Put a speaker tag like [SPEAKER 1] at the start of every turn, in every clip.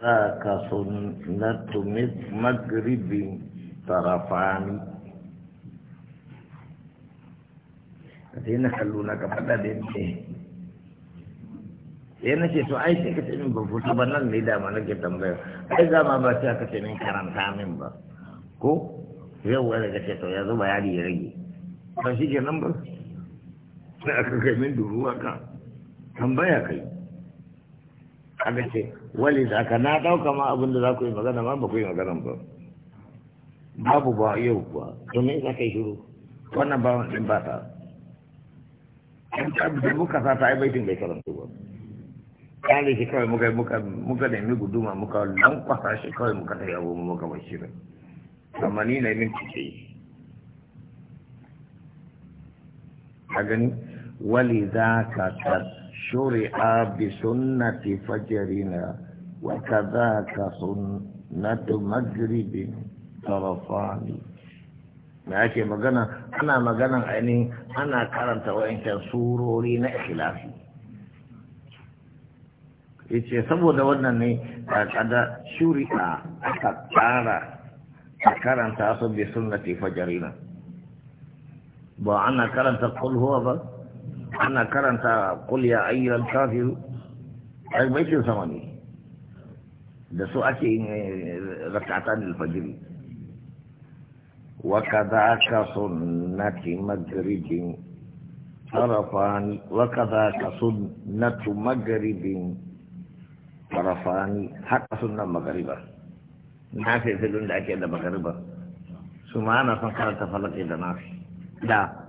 [SPEAKER 1] ذاك سنة مغرب طرفان na kallo na ka faɗa da yake sai na ce to ai sai ka ce min ba fito ba nan ne dama ke tambaya ai za dama ba sai ka ce min karanta min ba ko yau wani ka ce to ya zuba bayani ya rage ba shi ke nan ba sai aka kai min duruwa ka tambaya kai aka ce wali da aka na dauka ma abin da za ku yi magana ma ba ku yi magana ba babu ba yau kuwa to me za ka yi shiru wannan ba ɗin ba ta an ka da muka sa ta aibaitin bai karanta ba kare shi kawai muka muka muka nemi guduma muka lankwasa shi kawai muka yawo mu muka bar shi amma ni na min ce a gani wali za ka tsar شرع بسنة فجرنا وكذاك سنة مغرب طرفان Me ake magana ana maganan ainihin ana karanta wa'ancan surori na ikhlasi yace saboda wannan ne kada shuri'a aka tsara a karanta su bi sunnati fajarina ba ana karanta kul huwa ba ana karanta kul ya ayyuhal kafiru ai baitin sama ne da su ake yin eh, rakatan alfajiri wa kadhaka sunnati maghribin tarafani wa kadhaka sunnatu maghribin tarafani haka sunnan maghriba na fi filin da ake da maghriba su ma ana son karanta falaki da nafi da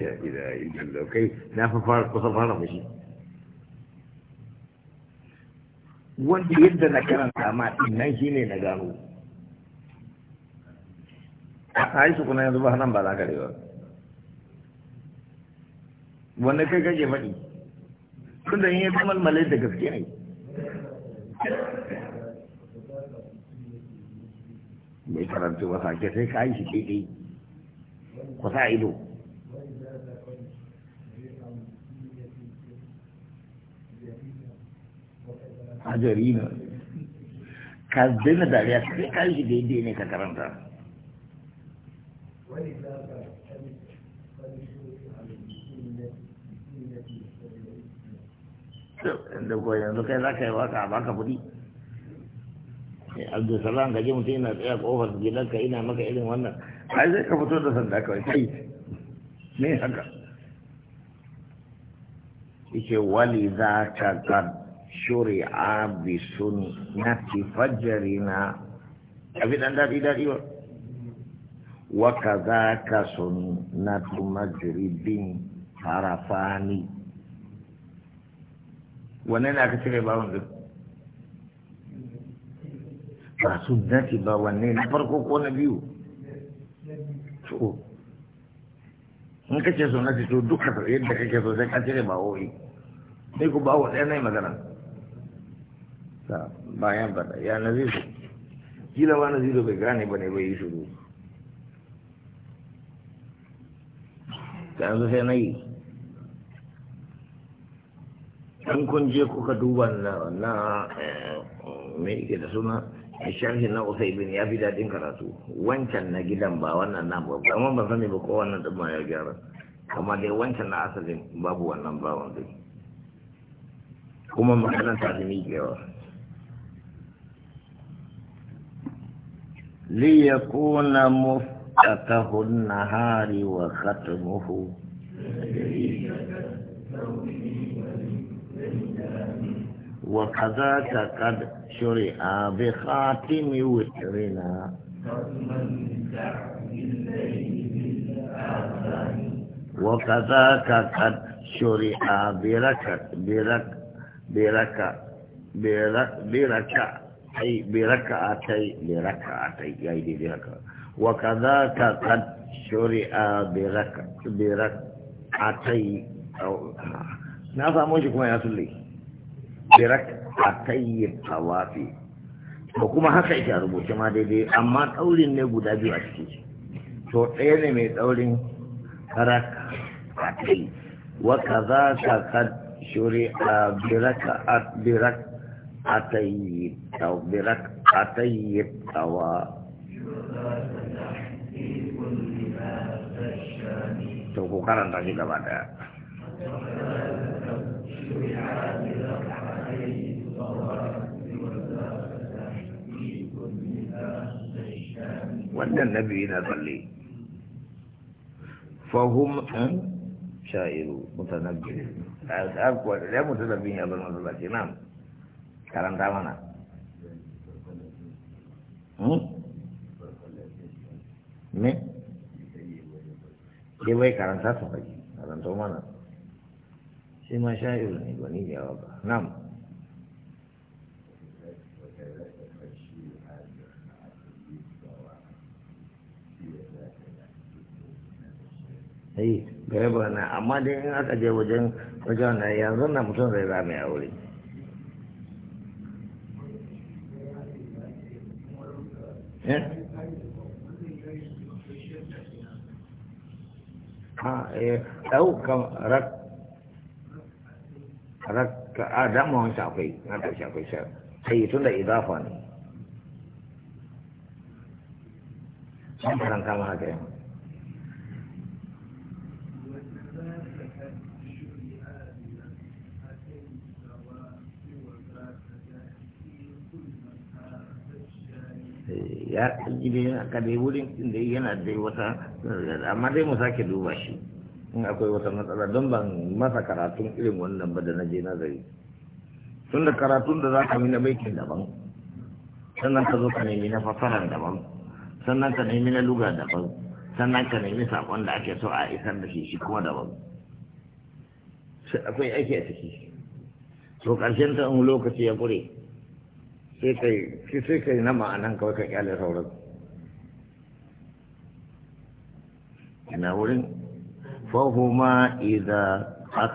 [SPEAKER 1] ya ila illa kai na fa fara kusa fara fushi wanda yadda na karanta ma din nan ne na gano a su kuna yanzu ba nan ba za ka rewa wanda kai kake faɗi tun da yin yi malmalai da gaske ne mai karanta wasa ke sai ka yi shi daidai ku sa ido hajari ne ka daina dariya sai ka yi daidai ne ka karanta da ko yanzu kai za ka yi waka ba ka kuɗi eh, abdulsalam ka ji mutum yana tsaya kofar gidanka ina maka irin wannan ai zai ka fito da sanda kawai kai ne haka yake wali za ka shuri'a bi sunnati fajrina abin dan dadi dadi ba wa kadhaka sunnatu majribin harafani wannan aka cire bawon duk ba sunnati ba wanne na farko ko na biyu to in kace sunnati to duka yadda kake so sai ka cire bawoi sai ku bawo ɗaya na yi magana bayan bada ya naziru kila wa naziru bai gane ba ne bai yi shuru yanzu sai na yi an kun je kuka duba na na eh, me yake da suna sharhin na usai bin ya fi daɗin karatu wancan na gidan ba wannan na ba amma ban sani ba ko wannan ɗin ma ya gyara amma dai wancan na asalin babu wannan ba wanda kuma maganar ta fi gyara ليكون مفتته النهار وختمه وكذاك قد شرع بخاتم وترنا وكذاك قد شرع بركة بركة بركة بركة, بركة Waƙa za a kashi shawari a berar a ta yi a wata? Na samun shi kuma ya tullai. Berar a ta Ko kuma haka ya rubuce ma daidai Amma ɗaurin ne guda biyu a ciki? Ko ɗaya ne mai ɗaurin karar a ta yi? Waƙa za a kashi shawari أتيت أو برك أتيت أو تقول كرنت عجيبا بعدها وأن النبي نصلي فهم شاعرون متنبئون أقوى لا متنبئين أبدا نعم karanta mana hmm? me ke bai karanta su karanta mana shi ma sha'ir ni yawa ba nam Ai, gaba na amma dai in aka je wajen wajen na yanzu na mutum zai zame aure. ɗaukan eh? eh, rakka a damar shafai na ƙarshe akwai sai tun da idafa ne sun karanta ma haka yamma ya kalli da yana kadai wurin da yana da wata amma dai mu sake duba shi in akwai wata matsala don ban masa karatun irin wannan ba da na je nazari tun da karatun da za ka na baikin daban sannan ka zo ka nemi na fasaran daban sannan ka nemi na luga daban sannan ka nemi saƙon da ake so a isar da shi shi kuma daban akwai aiki a ciki to karshen ta in lokaci ya ƙure sai kai sai kai na ma'anan kawai ka kyale sauran fahuma idza la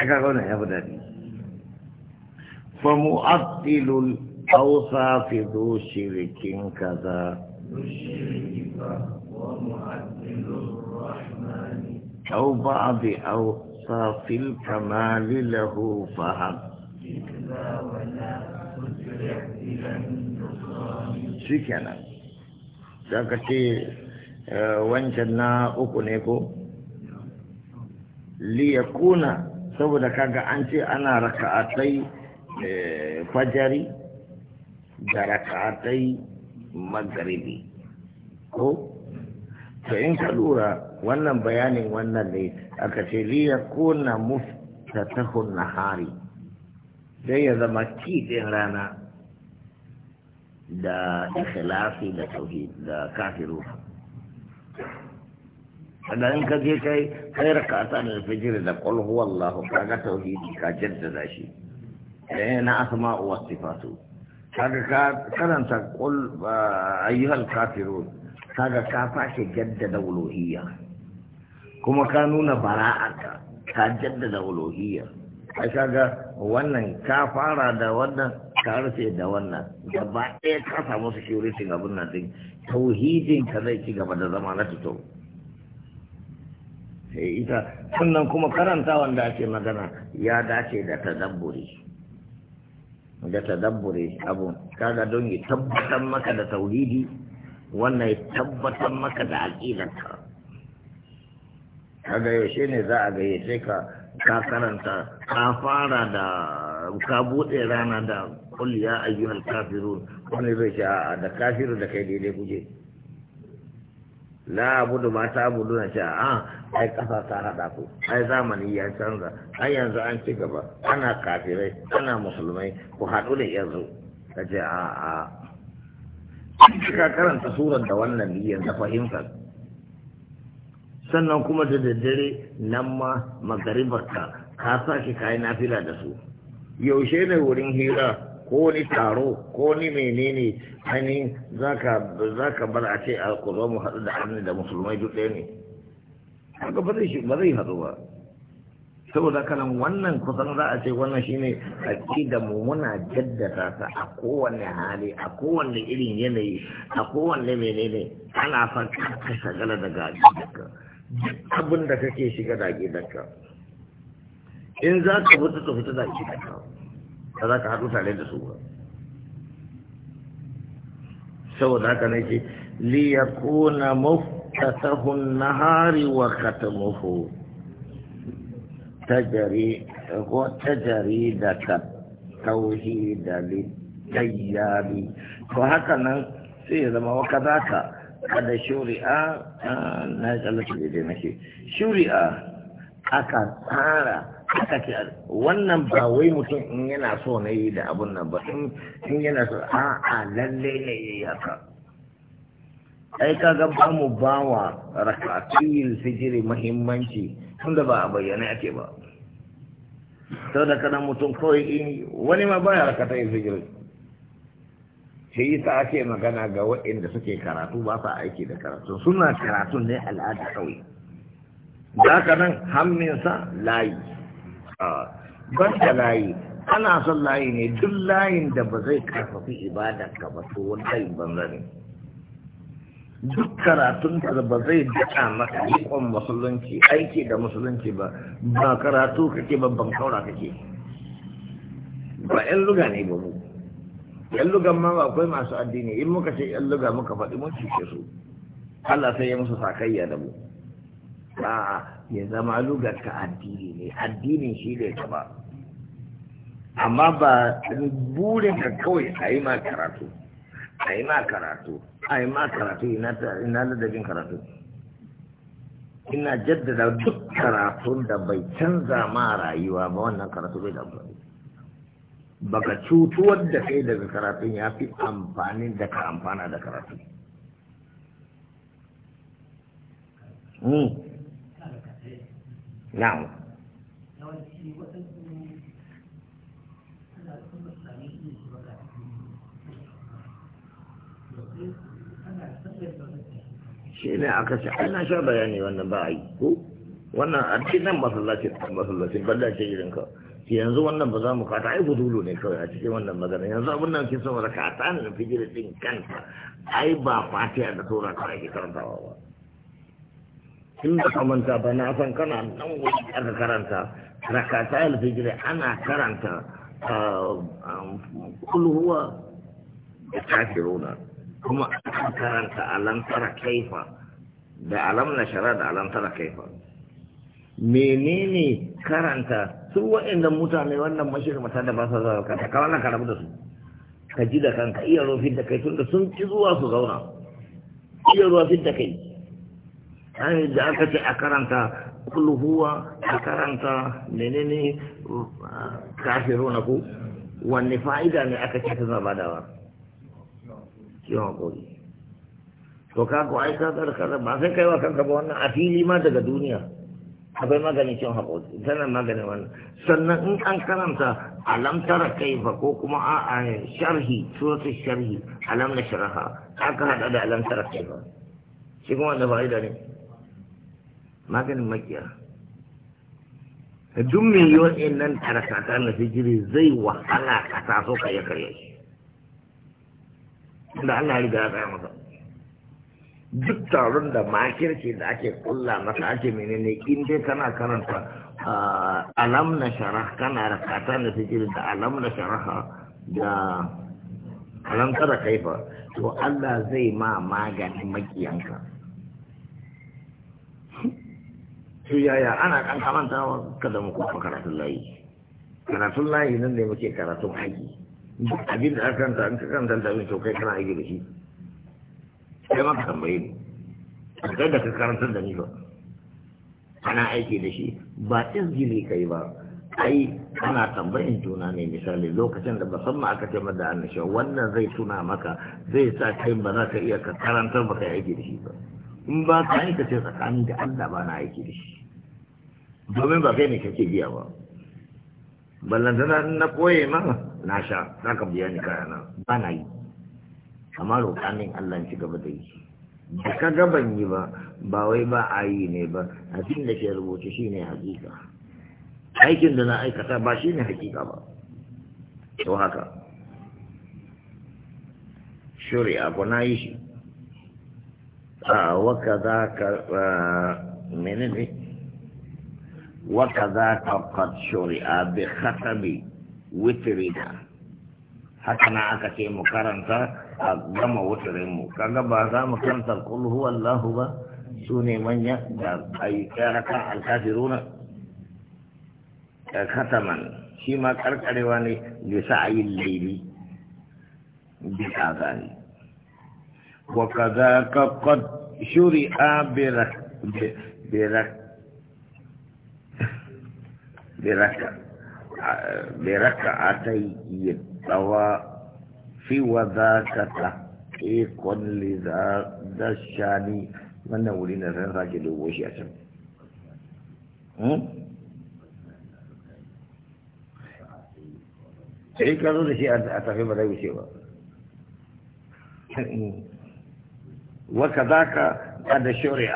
[SPEAKER 1] aka gauna ya fi daɗi فمؤطل الأوصاف ذو شرك كذا ذو الشرك Auba بعض أوصاف الكمال له فهم shi kenan wancan na uku ne ko liyakuna saboda kaga an ce ana raka'atai fajari da raka'atai magaribi ko to in ka lura wannan bayanin wannan ne aka ce liya kuna muftatahun nahari sai ya zama kiɗin rana da ikhlasi da tauhi da kafiru da in ka je kai kai rakata da fijir da qul huwallahu kaga tauhidi ka jaddada shi eh na asma'u was sifatu kaga ka karanta qul ayyuhal kafirun kaga ka fashe jaddada uluhiyya kuma ka nuna bara'arka ka jaddada uluhiyya a kaga wannan ka fara da wannan ka rufe da wannan gaba ɗaya ka samu security abin nan din tauhidin ka zai ci gaba da zama na fito sai eh, ita sannan kuma karanta wanda ake magana ya dace da tadabburi da tadabburi abu kaga don yi tabbatar maka da tauhidi wannan ya tabbatar maka da aƙidarka kaga yaushe ne za a gayyace ka ka karanta ka fara da ka buɗe rana da kulli ya ayyuhal kafirun wani zai ce a da kafiru da kai daidai kuje la abudu ma ta abudu na ce a ai kasa ta hada ku ai zamani ya canza ai yanzu an ci gaba ana kafirai ana musulmai ku haɗu da yanzu ka ce a a ka karanta surar da wannan biyan da fahimtar sannan kuma da daddare nan ma magaribarka ka sa shi kayi nafila da su yaushe ne wurin hira ko ni taro ko ni menene hani za ka bar a ce a mu haɗu da annabi da musulmai duk ɗaya ne haka ba zai haɗu ba saboda kanan wannan kusan za a ce wannan shine da mu muna jaddada ta a kowanne hali a kowanne irin yanayi a kowanne menene ana son ka shagala daga gidanka abin da kake shiga da gidanka in za ka fita ka fita da gidanka ba za ka haɗu tare da su ba saboda haka nake liyakuna muftatahun nahari wa katamuhu تجري وتجري دك توحيد zama وهكذا سيدنا وكذاك kada shuri'a na tsallake daidai nake shuri'a aka tsara aka ce wannan ba wai mutum in yana so na yi da abun nan ba in yana so a'a lalle ne ya yi haka ai kaga ba mu ba wa rakatil fijiri muhimmanci tunda ba a bayyana ake ba sau da kanan mutum kawai in wani ma baya rakata yin zikirin shi yasa ake magana ga waɗanda suke karatu ba sa aiki da karatu suna karatun ne al'ada kawai da haka nan hamminsa layi ban da layi ana son layi ne duk layin da ba zai karfafi ka ba to wani layin banza duk karatun da ba zai daɗa maka ikon musulunci aiki da musulunci ba ba karatu kake babban kaura kake ba yan luga ne ba mu yan lugan ma ba akwai masu addini in muka ce yan luga muka faɗi mun cike su Allah sai ya musu sakayya da mu a'a ya zama lugar ka addini ne addinin shi ne ka ba amma ba burin ka kawai a yi ma karatu a yi ma karatu a yi ma karatu ina ladabin karatu ina jaddada duk karatun da bai canza ma rayuwa ba wannan karatu bai da amfani baka cutuwar da kai daga karatun ya fi amfani da ka amfana da karatu hmm. na'am Thank you. shi ne aka ce na sha bayani wannan ba a yi ko wannan a cikin nan masallacin masallacin balla ce irin ka yanzu wannan ba za mu kata ai budulu ne kawai a cikin wannan magana yanzu abin nan kin saboda ka ta ne fijir din kanta ai ba fatiha da sura kawai ke karantawa ba kin da ka manta ba na san kana nan wani aka karanta rakata alfijir ana karanta kulhuwa ah, um, da kafiruna kuma an karanta alantara kaifa da alam na shara da alantara kaifa menene karanta su waɗannan mutane wannan mata da ba sa zaura kanta na wannan karamu da su ka ji da kanka iya rufin da kai tunda sun ci zuwa su zauna iya rufin da kai an da aka ce a karanta kulhuwa a karanta menene uh, na ku wanne fa'ida ne aka ce ta zama badawa ciwon hakori to ka ko ai ka tsara kaza ba sai kaiwa kanka ba wannan a fili ma daga duniya akwai maganin ciwon hakori tana maganin wannan sannan in an karanta alamtar tara kaifa ko kuma a sharhi suratul sharhi alam na sharaha aka hada da alamtar tara kaifa shi kuma wanda fa'ida ne maganin makiya duk mai yi wa'in nan tarakata na sigiri zai wahala ka taso ka ya karya da Allah riga ya tsaya masa duk taron da makirci da ake kulla masa ake menene in dai kana karanta alam na sharaha kana rakata da fikir da alam na sharaha da alam kada kaifa to Allah zai ma magani makiyanka su yaya ana kan kamanta ka da mu kuma karatun layi karatun layi nan ne muke karatun haƙi abin da aka kanta an ka kanta da abin kai kana aiki da shi sai ma ka tambaye ni kai da ka karanta da ni ba ana aiki da shi ba izgili kai ba ai ana tambayin juna ne misali lokacin da musamman aka ce da annashawa wannan zai tuna maka zai sa kai ba za ka iya ka karantar ba kai aiki da shi ba in ba ka yi ka ce tsakanin da Allah ba na aiki da shi domin ba kai ne kake biya ba ballantana na koye mana na sha za ka biya ni kayana ba na yi amma roƙanin min Allah ci gaba da yi ba ka gaban yi ba ba wai ba a yi ne ba cikin da ke rubuce shi ne hakika aikin da na aikata ba shi ne hakika ba to haka a ko na yi shi a waka za ka menene waka za ka kad a bi khatabi witiri ka haka na aka ce mu karanta a gama witirin mu kaga ba za mu karanta kul huwa huwallahu ba su ne manya da ayyukan rakan alkafiruna kataman shi ma karkarewa ne da ayin laili bi zani wa kaza ka qad shuri shuri'a birak birak biraka بركعتي يتوى في وذاك تحقيق لذا الشاني من نولينا ذن راجل وشي أسم هم؟ إيه كذو دشي أتخي مدعي وشي وكذاك قد شرع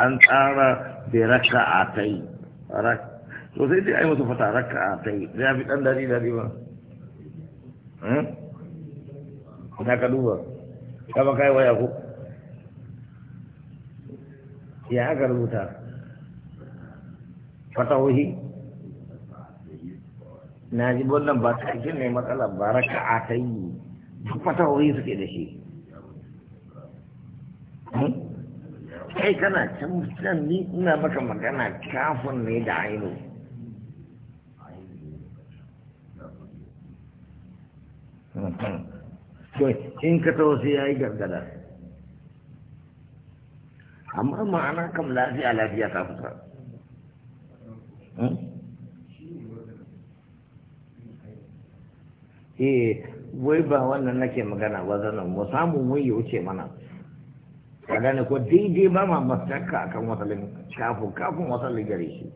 [SPEAKER 1] أن أرى بركعتي ركعتي to sai dai ai musu fata raka ta yi ya fi dan dadi dadi ba eh? na ka duba ka ba kai waya ko ya aka rubuta fata fatahohi na ji wannan ba ta ake ne matsala ba raka a ta yi duk fatahohi suke da shi hmm? kai kana can ni ina maka magana kafin ne da ainihi to in ka taho sai ya yi gargada amma ma'ana kam lafiya lafiya ta fita hmm? eh wai ba wannan nake magana ba zanen mu samu mun yi wuce mana ka gane ko daidai ba ma masakka akan wasalin kafin kafin wasalin gare shi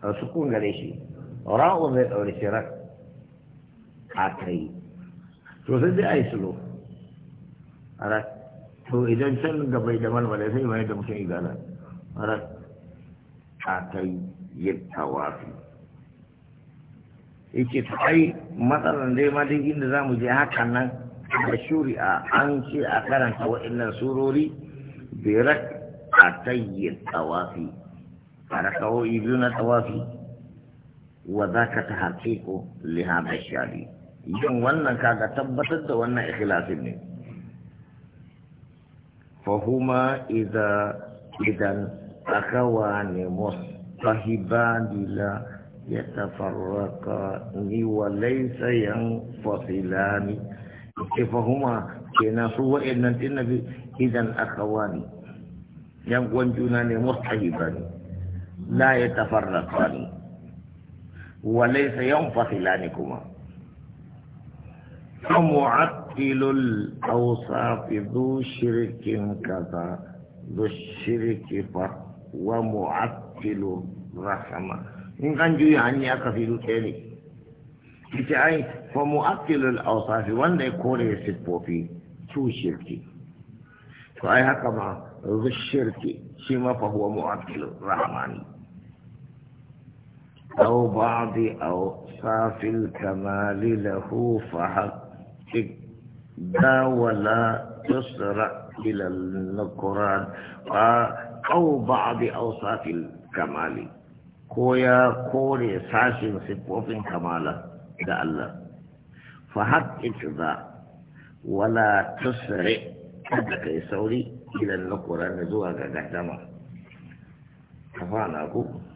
[SPEAKER 1] a sukun gare shi ra'u zai ɗaure shi aka yi to sai dai a yi sulo to idan can gabai da malmala sai mai da mutum igala aka yi yin tawafi yake ta ai matsalan dai ma duk inda za mu je hakan nan da shuri'a an ce a karanta wa'annan surori birak a tayyar tawafi a rakawo biyu na tawafi wa za ka ta haƙiƙo lihada shari'a yin wannan kaga tabbatar da wannan ikhlasin ne fahuma idza idan akhawani mustahibani la yatafarraqani wa laysa yanfasilani fahuma kenan su wa'annan tinnabi idan akhawani yan uwan juna ne mustahibani la yatafarraqani wa laysa yanfasilani kuma فمعطل الأوصاف ذو شرك كذا ذو الشرك فر ومعطل الرحمة إن كان جوي عني أكفيدو تاني إذا أي فمعطل الأوصاف وان دي كوري يسد بوفي ذو شرك فأي هكما ذو الشرك شما فهو معطل الرحمن أو بعض أوصاف الكمال له فحق دا ولا تسرع إلى القرآن أو بعض أوصاف الكمال كويا كوري ساشن سبوفين كمالا دا الله فحق إجزاء ولا تسرع أدك يسوري إلى القرآن زوها كدهدما كفانا أقول